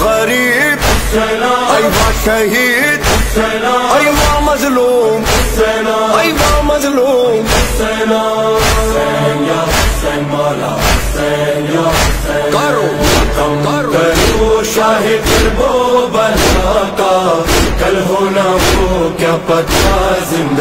غریب سینا شہید مجلو مظلوم سینا مظلوم کرو کرو بنا کا کل ہونا کو کیا پتہ زندہ